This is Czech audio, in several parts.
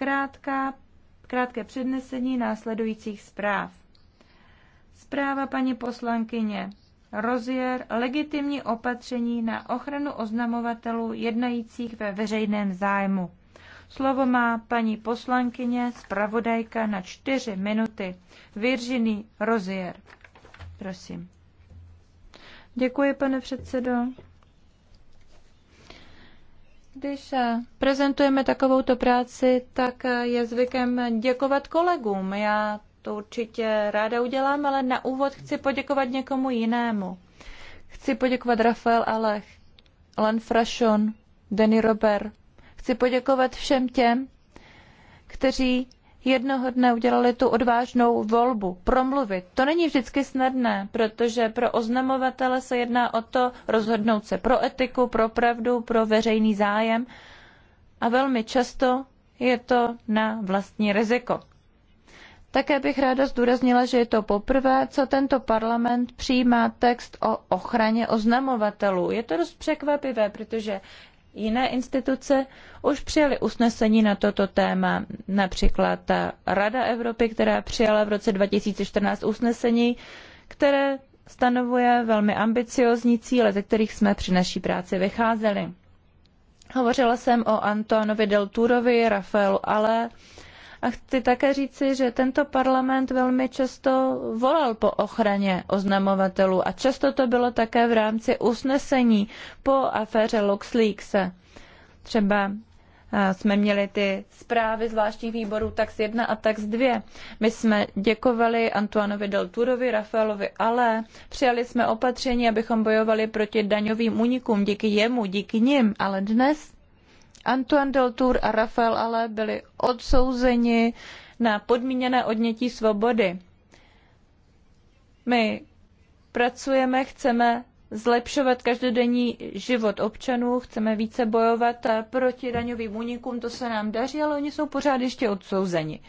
krátká, krátké přednesení následujících zpráv. Zpráva paní poslankyně Rozier legitimní opatření na ochranu oznamovatelů jednajících ve veřejném zájmu. Slovo má paní poslankyně, zpravodajka na čtyři minuty. Virginie Rozier. Prosím. Děkuji, pane předsedo. Když eh, prezentujeme takovouto práci, tak eh, je zvykem děkovat kolegům. Já to určitě ráda udělám, ale na úvod chci poděkovat někomu jinému. Chci poděkovat Rafael Alech, Len Frašon, Denny Robert. Chci poděkovat všem těm, kteří jednoho dne udělali tu odvážnou volbu, promluvit. To není vždycky snadné, protože pro oznamovatele se jedná o to rozhodnout se pro etiku, pro pravdu, pro veřejný zájem a velmi často je to na vlastní riziko. Také bych ráda zdůraznila, že je to poprvé, co tento parlament přijímá text o ochraně oznamovatelů. Je to dost překvapivé, protože jiné instituce už přijaly usnesení na toto téma, například ta Rada Evropy, která přijala v roce 2014 usnesení, které stanovuje velmi ambiciózní cíle, ze kterých jsme při naší práci vycházeli. Hovořila jsem o Antonovi Delturovi, Rafaelu Ale, a chci také říci, že tento parlament velmi často volal po ochraně oznamovatelů a často to bylo také v rámci usnesení po aféře LuxLeaks. Třeba jsme měli ty zprávy zvláštních výborů tax 1 a tax 2. My jsme děkovali Antoanovi Delturovi, Rafaelovi Ale, přijali jsme opatření, abychom bojovali proti daňovým únikům díky jemu, díky nim, ale dnes Antoine Deltour a Rafael Ale byli odsouzeni na podmíněné odnětí svobody. My pracujeme, chceme zlepšovat každodenní život občanů, chceme více bojovat proti daňovým únikům, to se nám daří, ale oni jsou pořád ještě odsouzeni.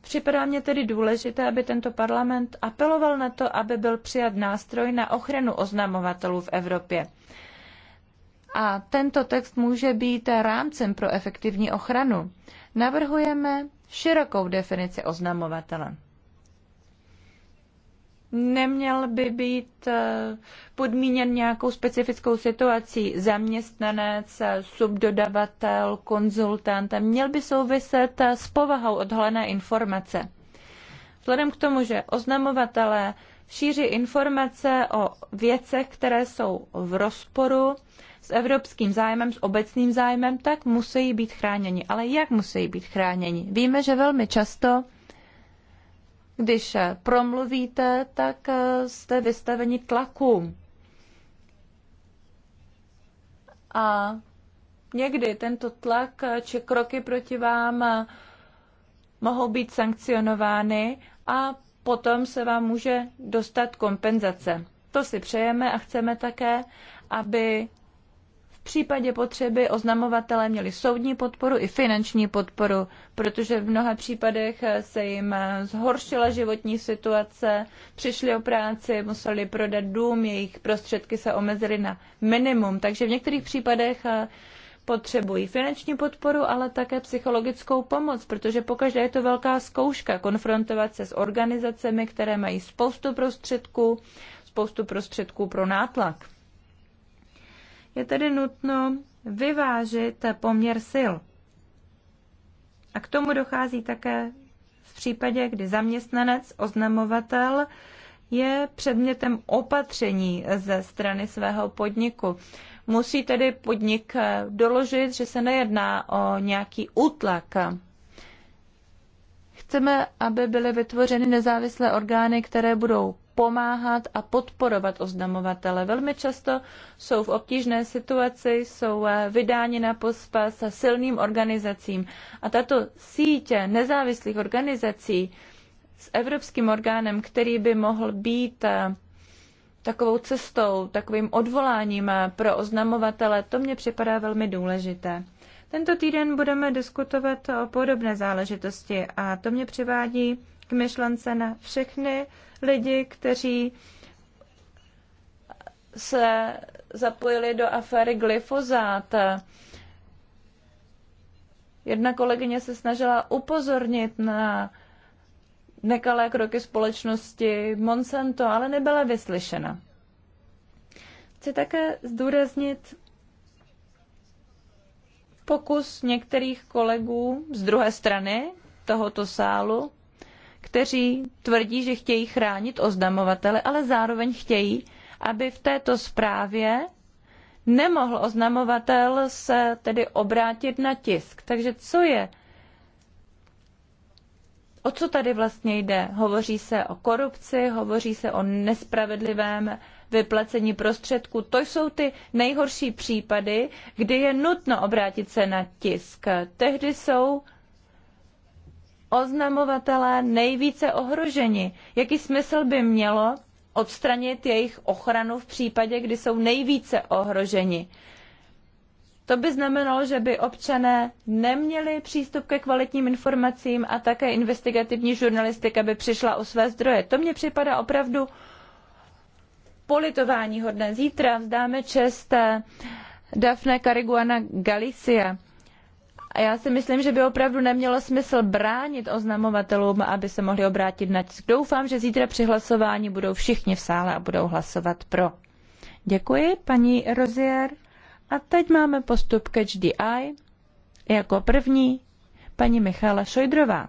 Připadá mně tedy důležité, aby tento parlament apeloval na to, aby byl přijat nástroj na ochranu oznamovatelů v Evropě a tento text může být rámcem pro efektivní ochranu. Navrhujeme širokou definici oznamovatele. Neměl by být eh, podmíněn nějakou specifickou situací zaměstnanec, subdodavatel, konzultant. Měl by souviset eh, s povahou odhalené informace. Vzhledem k tomu, že oznamovatelé šíří informace o věcech, které jsou v rozporu s evropským zájmem, s obecným zájmem, tak musí být chráněni. Ale jak musí být chráněni? Víme, že velmi často, když promluvíte, tak eh, jste vystaveni tlaku. A někdy tento tlak či kroky proti vám eh, mohou být sankcionovány a potom se vám může dostat kompenzace. To si přejeme a chceme také, aby v případě potřeby oznamovatele měli soudní podporu i finanční podporu, protože v mnoha případech se jim zhoršila životní situace, přišli o práci, museli prodat dům, jejich prostředky se omezily na minimum. Takže v některých případech eh, potřebují finanční podporu, ale také psychologickou pomoc, protože pokaždé je to velká zkouška konfrontovat se s organizacemi, které mají spoustu prostředků, spoustu prostředků pro nátlak. Je tedy nutno vyvážit poměr sil. A k tomu dochází také v případě, kdy zaměstnanec, oznamovatel je předmětem opatření ze strany svého podniku. Musí tedy podnik doložit, že se nejedná o nějaký útlak. Chceme, aby byly vytvořeny nezávislé orgány, které budou pomáhat a podporovat oznamovatele. Velmi často jsou v obtížné situaci, jsou eh, vydáni na pospas silným organizacím. A tato sítě nezávislých organizací s evropským orgánem, který by mohl být eh, takovou cestou, takovým odvoláním eh, pro oznamovatele, to mně připadá velmi důležité. Tento týden budeme diskutovat o podobné záležitosti a to mě přivádí k myšlence na všechny lidi, kteří se zapojili do aféry glyfozát. Jedna kolegyně se snažila upozornit na nekalé kroky společnosti Monsanto, ale nebyla vyslyšena. Chci také zdůraznit pokus některých kolegů z druhé strany tohoto sálu kteří tvrdí, že chtějí chránit oznamovatele, ale zároveň chtějí, aby v této zprávě nemohl oznamovatel se tedy obrátit na tisk. Takže co je? O co tady vlastně jde? Hovoří se o korupci, hovoří se o nespravedlivém vyplacení prostředků. To jsou ty nejhorší případy, kdy je nutno obrátit se na tisk. Tehdy jsou oznamovatelé nejvíce ohroženi. Jaký smysl by mělo odstranit jejich ochranu v případě, kdy jsou nejvíce ohroženi? To by znamenalo, že by občané neměli přístup ke kvalitním informacím a také investigativní žurnalistika by přišla o své zdroje. To mně připadá opravdu politování hodné. Zítra vzdáme čest Dafne Kariguana Galicia a já si myslím, že by opravdu nemělo smysl bránit oznamovatelům, aby se mohli obrátit na tisk. Doufám, že zítra při hlasování budou všichni v sále a budou hlasovat pro. Děkuji, paní Rozier. A teď máme postup Catch the Eye. Jako první paní Michála Šojdrová.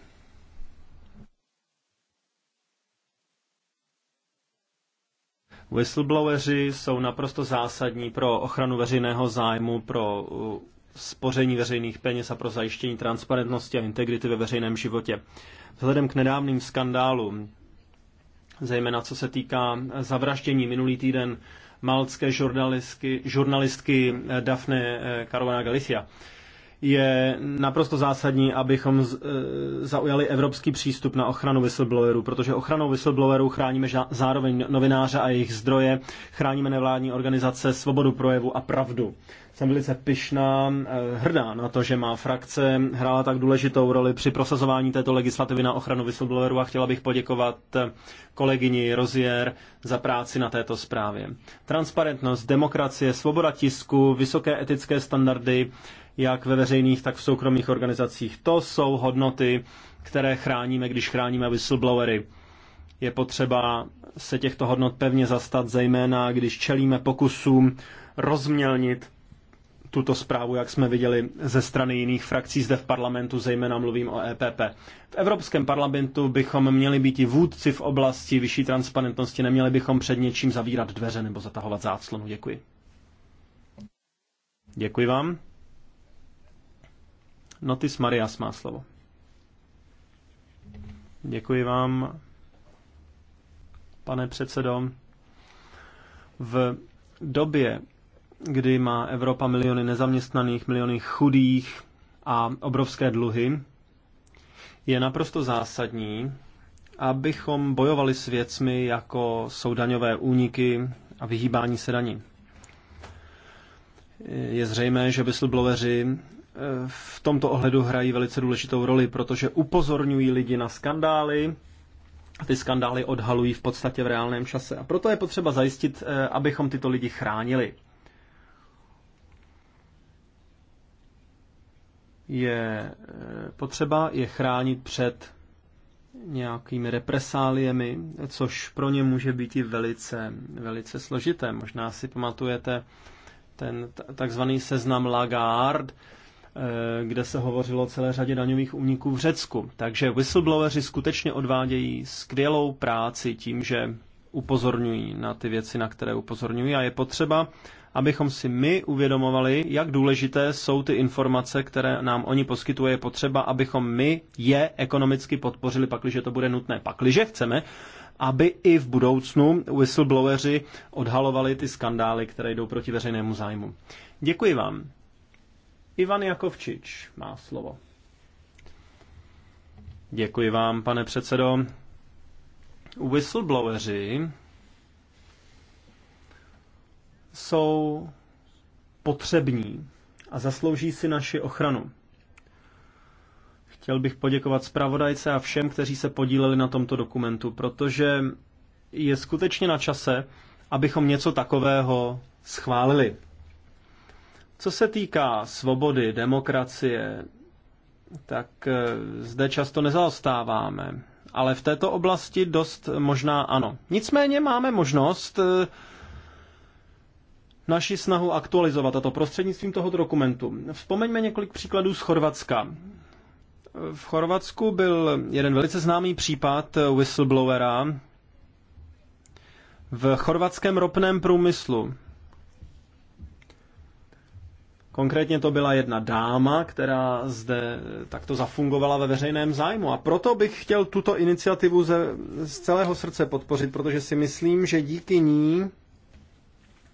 Whistlebloweri jsou naprosto zásadní pro ochranu veřejného zájmu, pro uh, spoření veřejných peněz a pro zajištění transparentnosti a integrity ve veřejném životě. Vzhledem k nedávným skandálům, zejména co se týká zavraždění minulý týden malcké žurnalistky, žurnalistky eh, Daphne eh, Caruana Galicia, je naprosto zásadní, abychom e, zaujali evropský přístup na ochranu whistleblowerů, protože ochranou whistleblowerů chráníme zároveň novináře a jejich zdroje, chráníme nevládní organizace, svobodu projevu a pravdu. Jsem velice pyšná, e, hrdá na to, že má frakce hrála tak důležitou roli při prosazování této legislativy na ochranu whistleblowerů a chtěla bych poděkovat e, kolegyni Rozier za práci na této zprávě. Transparentnost, demokracie, svoboda tisku, vysoké etické standardy, jak ve veřejných, tak v soukromých organizacích. To jsou hodnoty, které chráníme, když chráníme whistleblowery. Je potřeba se těchto hodnot pevně zastat, zejména když čelíme pokusům rozmělnit tuto zprávu, jak jsme viděli ze strany jiných frakcí zde v parlamentu, zejména mluvím o EPP. V Evropském parlamentu bychom měli být i vůdci v oblasti vyšší transparentnosti, neměli bychom před něčím zavírat dveře nebo zatahovat záclonu. Děkuji. Děkuji vám. Notis Marias má slovo. Děkuji vám, pane předsedo. V době, kdy má Evropa miliony nezaměstnaných, miliony chudých a obrovské dluhy, je naprosto zásadní, abychom bojovali s věcmi, jako jsou daňové úniky a vyhýbání se daní. Je zřejmé, že whistlebloweři v tomto ohledu hrají velice důležitou roli, protože upozorňují lidi na skandály, ty skandály odhalují v podstatě v reálném čase. A proto je potřeba zajistit, eh, abychom tyto lidi chránili. Je eh, potřeba je chránit před nějakými represáliemi, což pro ně může být i velice, velice složité. Možná si pamatujete ten takzvaný seznam Lagarde, Eh, kde se hovořilo o celé řadě daňových úniků v Řecku. Takže whistlebloweri skutečně odvádějí skvělou práci tím, že upozorňují na ty věci, na které upozorňují a je potřeba, abychom si my uvědomovali, jak důležité jsou ty informace, které nám oni poskytuje. Je potřeba, abychom my je ekonomicky podpořili, pakliže to bude nutné. Pakliže chceme, aby i v budoucnu whistlebloweri odhalovali ty skandály, které jdou proti veřejnému zájmu. Děkuji vám. Ivan Jakovčič má slovo. Děkuji vám, pane předsedo. Whistlebloweri jsou potřební a zaslouží si naši ochranu. Chtěl bych poděkovat zpravodajce a všem, kteří se podíleli na tomto dokumentu, protože je skutečně na čase, abychom něco takového schválili. Co se týká svobody, demokracie, tak eh, zde často nezaostáváme. Ale v této oblasti dost možná ano. Nicméně máme možnost eh, naši snahu aktualizovat, a to prostřednictvím tohoto dokumentu. Vzpomeňme několik příkladů z Chorvatska. V Chorvatsku byl jeden velice známý případ whistleblowera v chorvatském ropném průmyslu. Konkrétně to byla jedna dáma, která zde takto zafungovala ve veřejném zájmu. A proto bych chtěl tuto iniciativu ze, z celého srdce podpořit, protože si myslím, že díky ní,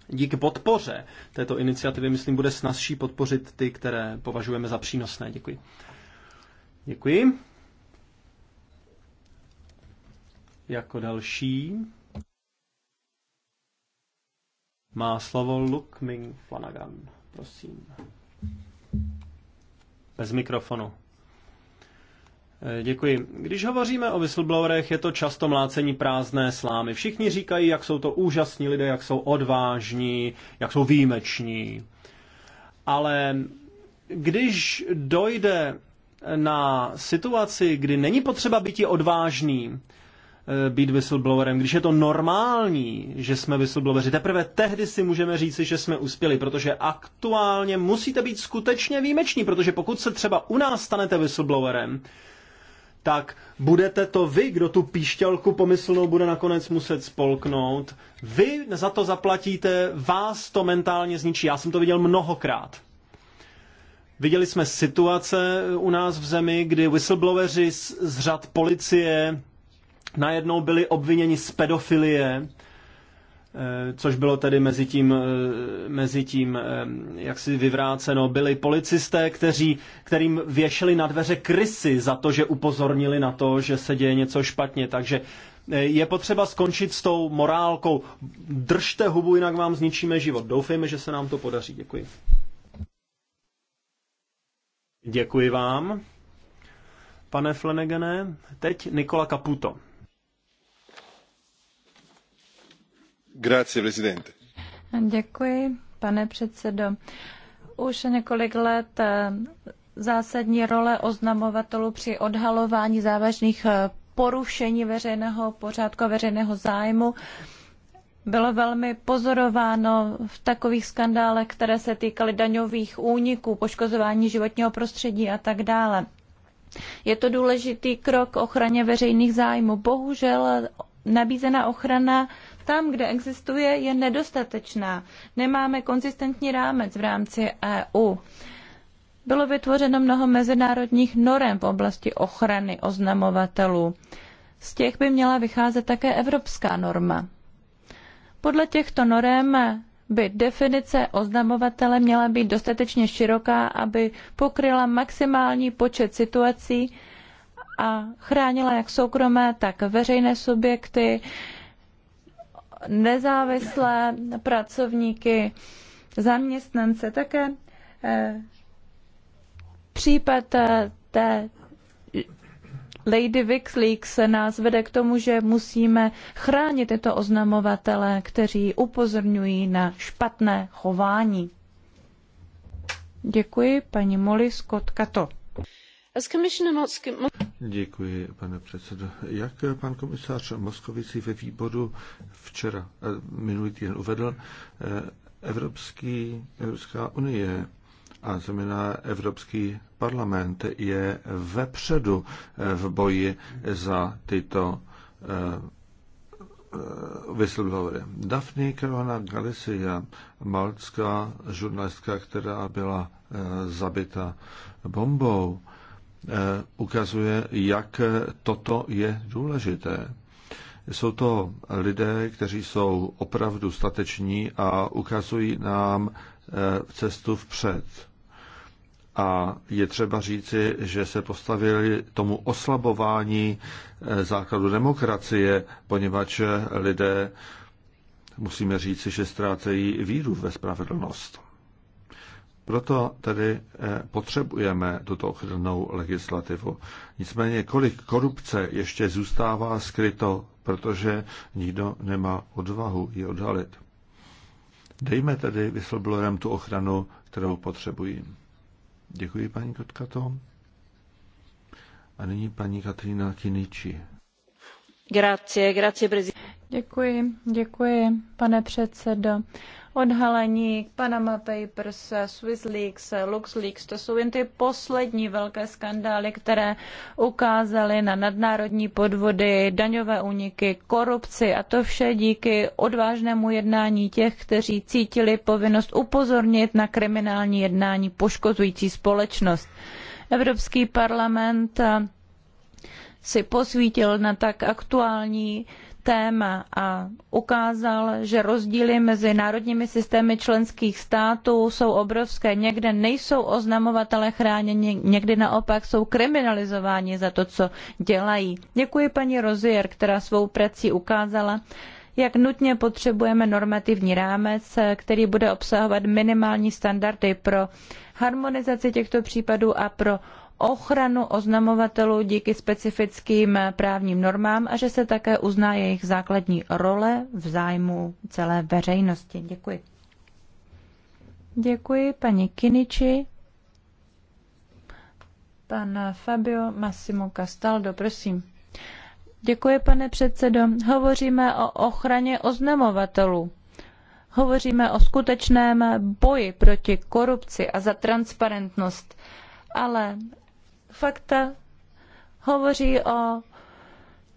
díky podpoře této iniciativy, myslím, bude snazší podpořit ty, které považujeme za přínosné. Děkuji. Děkuji. Jako další má slovo Luke Ming Flanagan prosím. Bez mikrofonu. Eh, děkuji. Když hovoříme o whistleblowerech, je to často mlácení prázdné slámy. Všichni říkají, jak jsou to úžasní lidé, jak jsou odvážní, jak jsou výjimeční. Ale když dojde na situaci, kdy není potřeba být odvážný, Eh, být whistleblowerem. Když je to normální, že jsme whistlebloweri, teprve tehdy si můžeme říci, že jsme uspěli, protože aktuálně musíte být skutečně výjimeční, protože pokud se třeba u nás stanete whistleblowerem, tak budete to vy, kdo tu píšťalku pomyslnou bude nakonec muset spolknout. Vy za to zaplatíte, vás to mentálně zničí. Já jsem to viděl mnohokrát. Viděli jsme situace u nás v zemi, kdy whistlebloweri z, z řad policie, najednou byli obviněni z pedofilie, eh, což bylo tedy mezi tím, eh, mezi tím eh, jaksi vyvráceno, byli policisté, kteří, kterým věšeli na dveře krysy za to, že upozornili na to, že se děje něco špatně. Takže je potřeba skončit s tou morálkou. Držte hubu, jinak vám zničíme život. Doufejme, že se nám to podaří. Děkuji. Děkuji vám, pane Flenegene. Teď Nikola Caputo. Děkuji, pane předsedající Už několik let eh, zásadní role oznamovatelů při odhalování závažných eh, porušení veřejného pořádku a veřejného zájmu bylo velmi pozorováno v takových skandálech, které se týkaly daňových úniků, poškozování životního prostředí a tak dále. Je to důležitý krok k ochraně veřejných zájmů. Bohužel nabízená ochrana tam, kde existuje, je nedostatečná. Nemáme konzistentní rámec v rámci EU. Bylo vytvořeno mnoho mezinárodních norem v oblasti ochrany oznamovatelů. Z těch by měla vycházet také evropská norma. Podle těchto norem by definice oznamovatele měla být dostatečně široká, aby pokryla maximální počet situací a chránila jak soukromé, tak veřejné subjekty, nezávislé pracovníky, zaměstnance, také eh, případ eh, té Lady Wikileaks nás vede k tomu, že musíme chránit tyto oznamovatele, kteří upozorňují na špatné chování. Děkuji paní Molly Scott Kato. Děkuji, pane předsedo. Jak pan komisář Moskovici ve výboru včera, eh, minulý týden uvedl, eh, Evropský, Evropská unie a zejména Evropský parlament je vepředu eh, v boji za tyto whistleblowery. Daphne Caruana Galicia, maltská žurnalistka, která byla zabita bombou, Eh, ukazuje, jak toto je důležité. Jsou to lidé, kteří jsou opravdu stateční a ukazují nám eh, cestu vpřed. A je třeba říci, že se postavili tomu oslabování eh, základu demokracie, poněvadž lidé, musíme říci, že ztrácejí víru ve spravedlnost. Proto tedy eh, potřebujeme tuto ochrannou legislativu. Nicméně, kolik korupce ještě zůstává skryto, protože nikdo nemá odvahu ji odhalit. Dejme tedy whistleblowerem tu ochranu, kterou potřebují. Děkuji, paní Kotkato. A nyní paní Katrina Kiniči. Grazie, grazie, prezident. Děkuji, děkuji, pane předsedo odhalení Panama Papers, SwissLeaks, LuxLeaks, to jsou jen ty poslední velké skandály, které ukázaly na nadnárodní podvody, daňové úniky, korupci a to vše díky odvážnému jednání těch, kteří cítili povinnost upozornit na kriminální jednání poškozující společnost. Evropský parlament si posvítil na tak aktuální uh, téma a ukázal, že rozdíly mezi národními systémy členských států jsou obrovské. Někde nejsou oznamovatele chráněni, někdy naopak jsou kriminalizováni za to, co dělají. Děkuji paní Rozier, která svou prací ukázala, jak nutně potřebujeme normativní rámec, který bude obsahovat minimální standardy pro harmonizaci těchto případů a pro ochranu oznamovatelů díky specifickým právním normám a že se také uzná jejich základní role v zájmu celé veřejnosti. Děkuji. Děkuji paní Kiniči. Pan Fabio Massimo Castaldo, prosím. Děkuji, pane předsedo. Hovoříme o ochraně oznamovatelů. Hovoříme o skutečném boji proti korupci a za transparentnost. Ale fakta hovoří o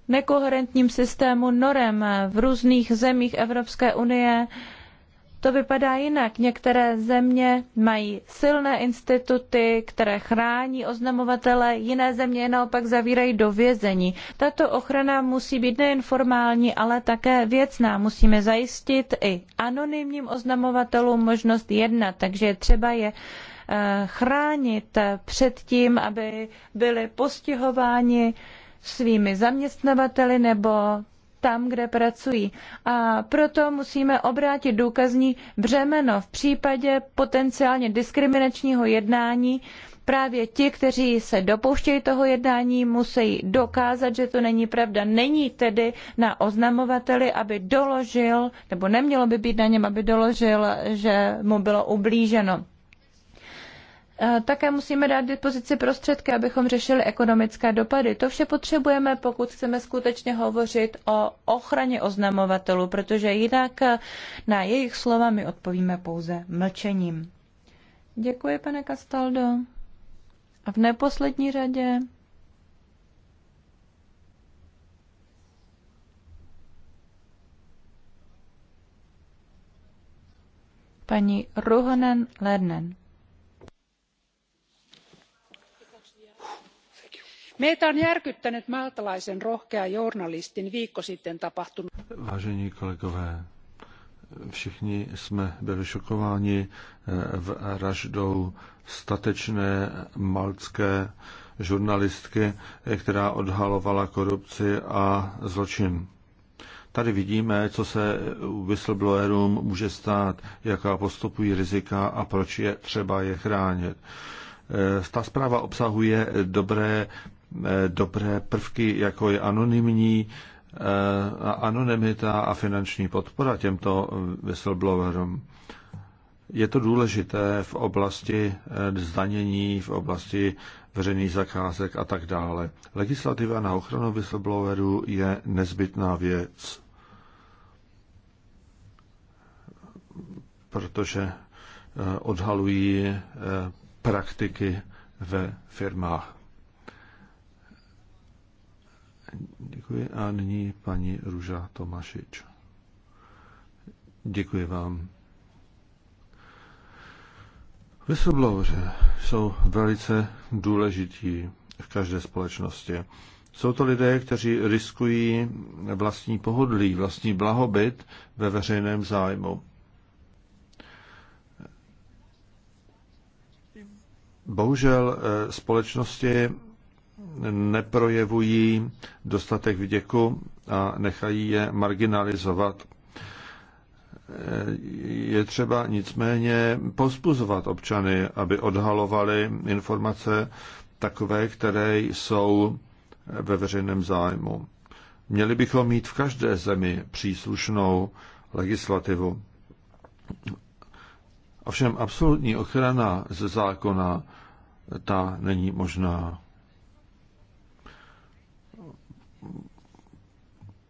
nekoherentním systému norem v různých zemích Evropské unie. To vypadá jinak. Některé země mají silné instituty, které chrání oznamovatele, jiné země je naopak zavírají do vězení. Tato ochrana musí být nejen formální, ale také věcná. Musíme zajistit i anonymním oznamovatelům možnost jednat, takže je třeba je Eh, chránit před tím, aby byli postihováni svými zaměstnavateli nebo tam, kde pracují. A proto musíme obrátit důkazní břemeno v případě potenciálně diskriminačního jednání. Právě ti, kteří se dopouštějí toho jednání, musí dokázat, že to není pravda. Není tedy na oznamovateli, aby doložil, nebo nemělo by být na něm, aby doložil, že mu bylo ublíženo. Eh, také musíme dát dispozici prostředky, abychom řešili ekonomické dopady. To vše potřebujeme, pokud chceme skutečně hovořit o ochraně oznamovatelů, protože jinak eh, na jejich slova my odpovíme pouze mlčením. Děkuji, pane Castaldo. A v neposlední řadě paní Ruhonen Lernen. meitä on järkyttänyt maltalaisen rohkean journalistin viikko sitten tapahtunut. Vážení kolegové, všichni jsme byli šokováni eh, vraždou statečné maltské žurnalistky, eh, která odhalovala korupci a zločin. Tady vidíme, co se whistleblowerům může stát, jaká postupují rizika a proč je třeba je chránit. Eh, ta zpráva obsahuje dobré Eh, dobré prvky, jako je anonymní eh, anonymita a finanční podpora těmto whistleblowerům. Je to důležité v oblasti eh, zdanění, v oblasti veřejných zakázek a tak dále. Legislativa na ochranu whistleblowerů je nezbytná věc, protože odhalují praktiky ve firmách. Děkuji a nyní paní Ruža Tomašič. Děkuji vám. Whistlebloweri jsou velice důležití v každé společnosti. Jsou to lidé, kteří riskují vlastní pohodlí, vlastní blahobyt ve veřejném zájmu. Bohužel eh, společnosti neprojevují dostatek vděku a nechají je marginalizovat. Je třeba nicméně pospuzovat občany, aby odhalovali informace takové, které jsou ve veřejném zájmu. Měli bychom mít v každé zemi příslušnou legislativu. Ovšem absolutní ochrana ze zákona ta není možná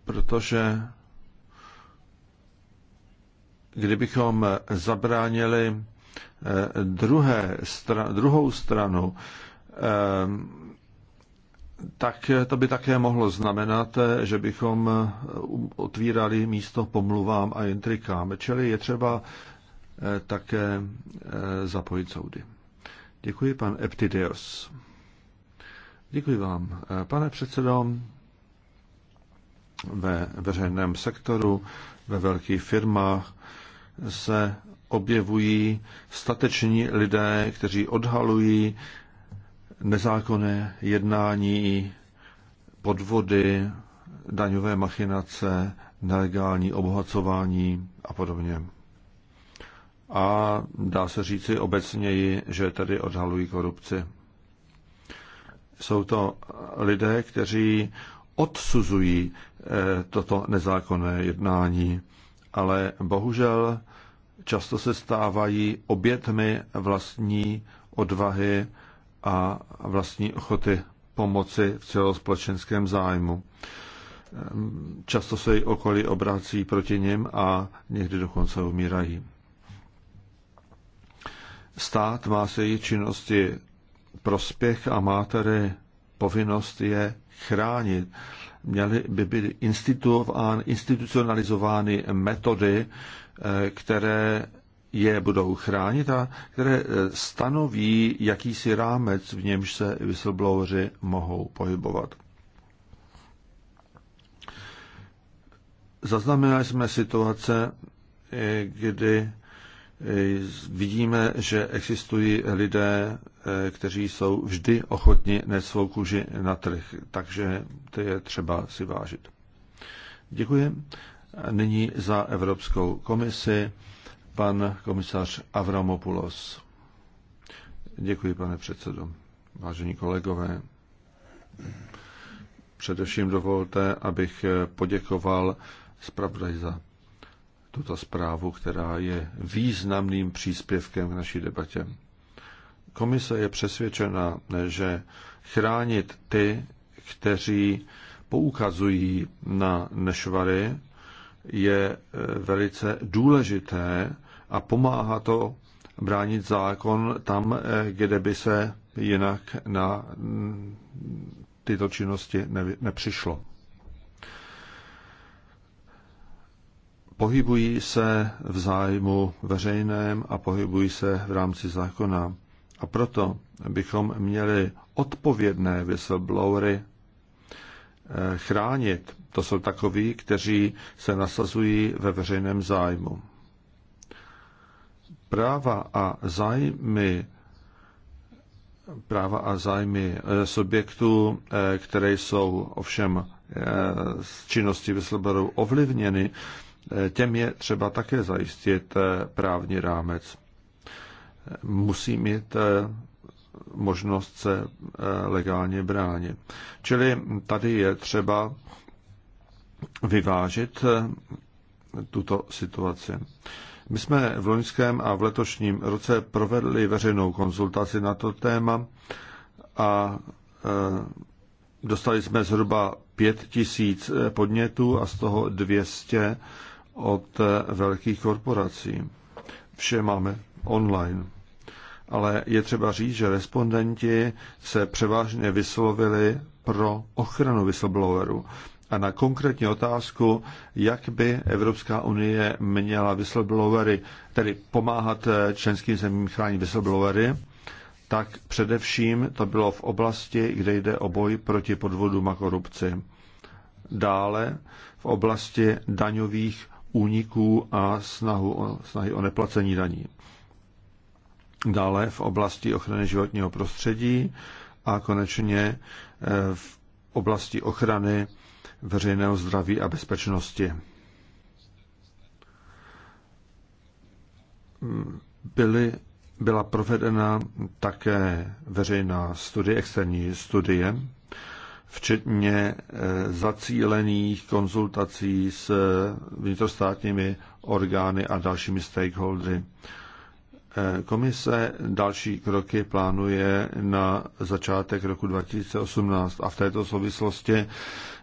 protože kdybychom zabránili eh, druhé stran, druhou stranu, eh, tak to by také mohlo znamenat, eh, že bychom otvírali místo pomluvám a intrikám. Čili je třeba také zapojit soudy. Děkuji, pan Eptideos. Děkuji vám. Pane předsedo, ve veřejném sektoru, ve velkých firmách se objevují stateční lidé, kteří odhalují nezákonné jednání, podvody, daňové machinace, nelegální obohacování a podobně. A dá se říci obecněji, že tedy odhalují korupci. Jsou to lidé, kteří odsuzují eh, toto nezákonné jednání, ale bohužel často se stávají obětmi vlastní odvahy a vlastní ochoty pomoci v celospolečenském zájmu. Ehm, často se i okolí obrací proti nim a někdy dokonce umírají. Stát má se její činnosti prospěch a má tedy povinnost je chránit. Měly by být institucionalizovány metody, eh, které je budou chránit a které eh, stanoví jakýsi rámec, v němž se whistlebloweri mohou pohybovat. Zaznamenali jsme situace, eh, kdy vidíme, že existují lidé, eh, kteří jsou vždy ochotni nést svou kůži na trh, takže to je třeba si vážit. Děkuji. Nyní za Evropskou komisi pan komisař Avramopoulos. Děkuji, pane předsedo. Vážení kolegové, především dovolte, abych poděkoval zpravodaj za tuto zprávu, která je významným příspěvkem k naší debatě. Komise je přesvědčena, že chránit ty, kteří poukazují na nešvary, je eh, velice důležité a pomáhá to bránit zákon tam, eh, kde by se jinak na tyto činnosti nepřišlo. pohybují se v zájmu veřejném a pohybují se v rámci zákona. A proto bychom měli odpovědné whistleblowery eh, chránit. To jsou takoví, kteří se nasazují ve veřejném zájmu. Práva a zájmy práva a zájmy eh, subjektů, eh, které jsou ovšem z činnosti whistleblowerů ovlivněny, těm je třeba také zajistit eh, právní rámec. Musí mít eh, možnost se eh, legálně bránit. Čili tady je třeba vyvážit tuto situaci. My jsme v loňském a v letošním roce provedli veřejnou konzultaci na to téma a dostali jsme zhruba 5 tisíc podnětů a z toho 200 od velkých korporací. Vše máme online. Ale je třeba říct, že respondenti se převážně vyslovili pro ochranu whistleblowerů. A na konkrétní otázku, jak by Evropská unie měla whistleblowery, tedy pomáhat členským zemím chránit whistleblowery, tak především to bylo v oblasti, kde jde o boj proti podvodům a korupci. Dále v oblasti daňových úniků a snahu o, snahy o neplacení daní. Dále v oblasti ochrany životního prostředí a konečně eh, v oblasti ochrany veřejného zdraví a bezpečnosti. Byly, byla provedena také veřejná studie, externí studie, včetně eh, zacílených konzultací s eh, vnitrostátními orgány a dalšími stakeholdery. Eh, komise další kroky plánuje na začátek roku 2018 a v této souvislosti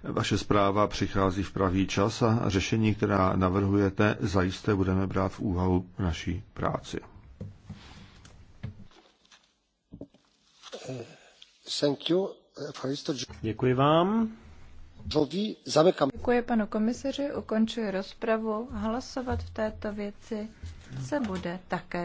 vaše zpráva přichází v pravý čas a řešení, která navrhujete, zajisté budeme brát v úvahu naší práci. Thank you. Děkuji vám. Děkuji panu komisaři, ukončuji rozpravu. Hlasovat v této věci se bude také.